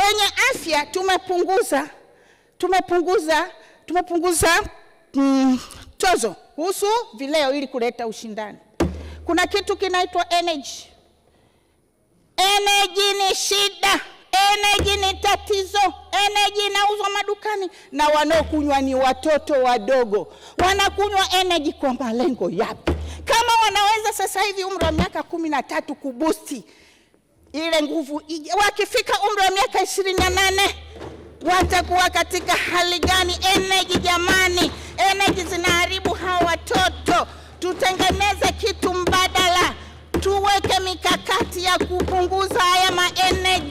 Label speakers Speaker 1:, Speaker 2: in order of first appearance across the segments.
Speaker 1: Kwenye afya tumepunguza tumepunguza tumepunguza mm, tozo kuhusu vileo ili kuleta ushindani. Kuna kitu kinaitwa energy. Energy ni shida, energy ni tatizo, energy inauzwa madukani na wanaokunywa ni watoto wadogo. Wanakunywa energy kwa malengo yapi? Kama wanaweza sasa hivi umri wa miaka kumi na tatu kubusti ile nguvu ije. Wakifika umri wa miaka ishirini na nane watakuwa katika hali gani? Eneji jamani, eneji zinaharibu hawa watoto. Tutengeneze kitu mbadala, tuweke mikakati ya kupunguza haya maeneji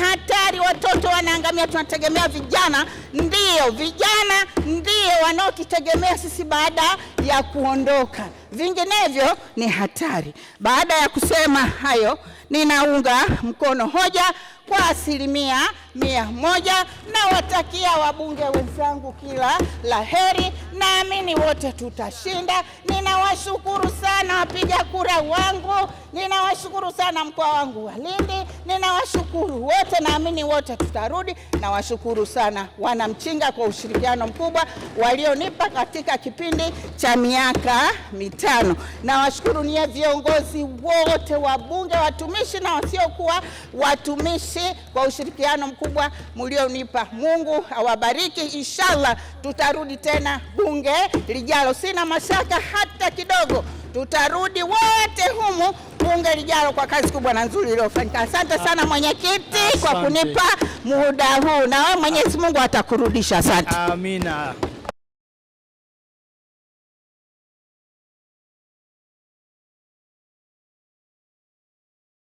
Speaker 1: hatari, watoto wanaangamia. Tunategemea vijana, ndio vijana ndio wanaotutegemea sisi baada ya kuondoka, vinginevyo ni hatari. Baada ya kusema hayo, ninaunga mkono hoja kwa asilimia mia moja na watakia wabunge wenzangu kila la heri. Naamini wote tutashinda. Ninawashukuru sana wapiga kura wangu, ninawashukuru sana mkoa wangu wa Lindi. Ninawashukuru wote, naamini wote tutarudi. Nawashukuru sana Wanamchinga kwa ushirikiano mkubwa walionipa katika kipindi cha miaka mitano. Nawashukuru niye viongozi wote wa Bunge, watumishi na wasiokuwa watumishi, kwa ushirikiano mkubwa mlionipa. Mungu awabariki, inshallah tutarudi tena bunge lijalo, sina mashaka hata kidogo, tutarudi wote humu bunge lijalo kwa kazi kubwa na nzuri iliyofanyika. Asante sana mwenyekiti kwa kunipa muda huu, na wewe Mwenyezi Mungu atakurudisha. Asante.
Speaker 2: Amina.